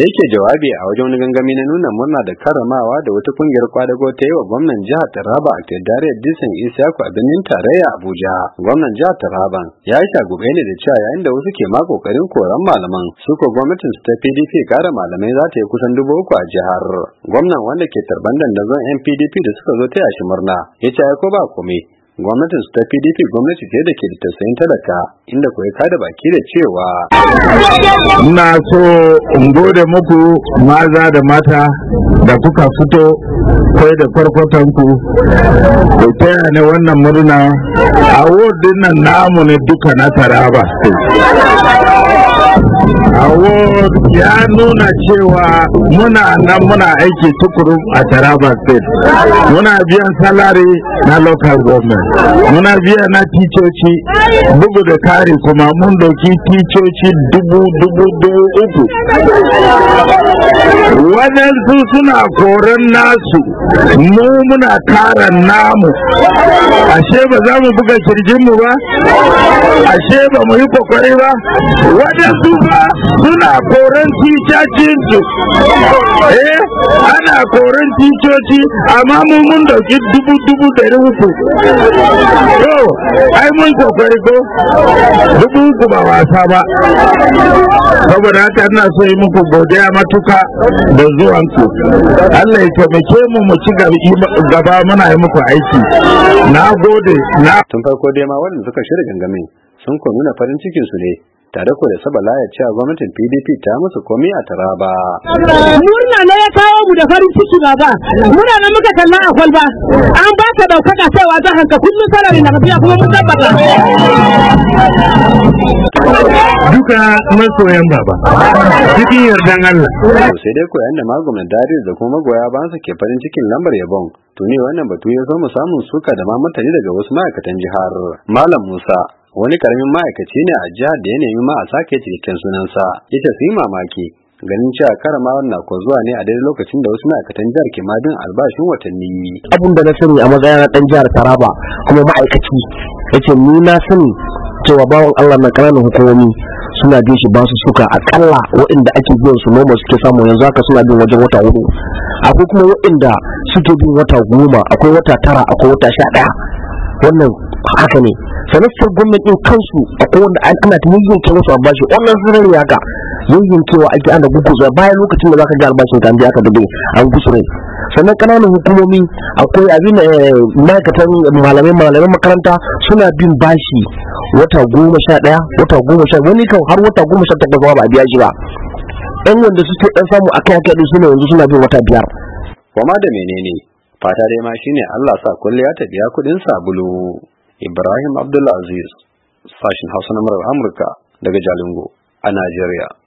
da yake jawabi a wajen wani gangami na nuna murna da karamawa da wata kungiyar kwadago ta yi wa gwamnan jihar Taraba a Kedare Disan Isaku a birnin tarayya Abuja. Gwamnan jihar Taraba ya yi shagube ne da cewa yayin da wasu ke ma kokarin koran malaman su ko gwamnatin ta PDP kara malamai za ta yi kusan dubu uku a jihar. Gwamnan wanda ke tarban dandazon NPDP da suka zo ta yashi murna ya ce ko ba komai gwamnatin su ta pdp gwamnati ce da ke da tausayin talaka inda kuwa kada baki da cewa muna so in gode muku maza da mata da kuka fito kai da farkotanku ku taya ne wannan murna a wodin nan namu ne duka na taraba ya nuna cewa muna nan muna aiki tukuru a Taraba State. Muna biyan salari na local government. Muna biya na ticoci bugu da kari kuma mun doki ticoci dubu dubu dubu uku. Waɗansu suna koren nasu, mu muna kara namu. Ashe ba za mu buga kirjinmu ba? Ashe ba mu yi kwakwari ba? Waɗansu ba koran ticacin su eh ana koran ticoci amma mu mun dauki dubu dubu dari uku to ai mun kokari ko dubu uku ba wasa ba saboda haka ina so yi muku godiya matuka da zuwanku Allah ya taimake mu mu ci gaba muna yi muku aiki na gode na tun farko dai ma wannan suka shirya gangamin sun ko nuna farin cikinsu ne tare ko da sabala ya cewa gwamnatin PDP ta musu komai a taraba. Murna ne ya kawo mu da farin ciki ba ba. Muna na muka kalla a kwalba. An ba ka da cewa za hanka kullum sarari na tafiya kuma mun tabbata. Duka masoyan baba. Cikin yardan Allah. Sai dai koyan da magumin Darius da kuma magoya ba su ke farin cikin lambar yabon. Tuni wannan batu ya zo mu samun suka da ma daga wasu ma'aikatan jihar. Malam Musa wani karamin ma'aikaci ne a jihar da ya nemi ma a sake cikakken sunansa ita su yi mamaki ganin cewa karama na ko zuwa ne a daidai lokacin da wasu ma'aikatan jihar ke madin albashin watanni abin da na sani a matsayin dan jihar taraba kuma ma'aikaci ya ce ni na sani cewa bawan allah na ƙananan hukumomi suna bin shi basu suka akalla waɗanda ake biyan su noma suke samu yanzu haka suna bin wajen wata hudu akwai kuma waɗanda suke bin wata goma akwai wata tara akwai wata sha ɗaya wannan haka ne sanastar gwamnatin kansu a kowanne ana ta yayyanke musu albashi wannan sarari haka yayyankewa ake ana guguza bayan lokacin da za ka ga albashin ka an biya ka dubu an gusure sannan ƙananan hukumomi akwai abin eh, ma'aikatan malamai malamai makaranta suna bin bashi wata goma sha ɗaya wata goma sha wani kan har wata goma sha takwas ba a biya shi ba yan wanda suke ɗan samu akai akai ɗin suna yanzu suna bin wata biyar. Wama da menene fata dai ma shine Allah sa kulli ya ta biya sabulu. Ibrahim Abdulaziz, sashin Hausa na murar Amurka daga Jalingo a Najeriya.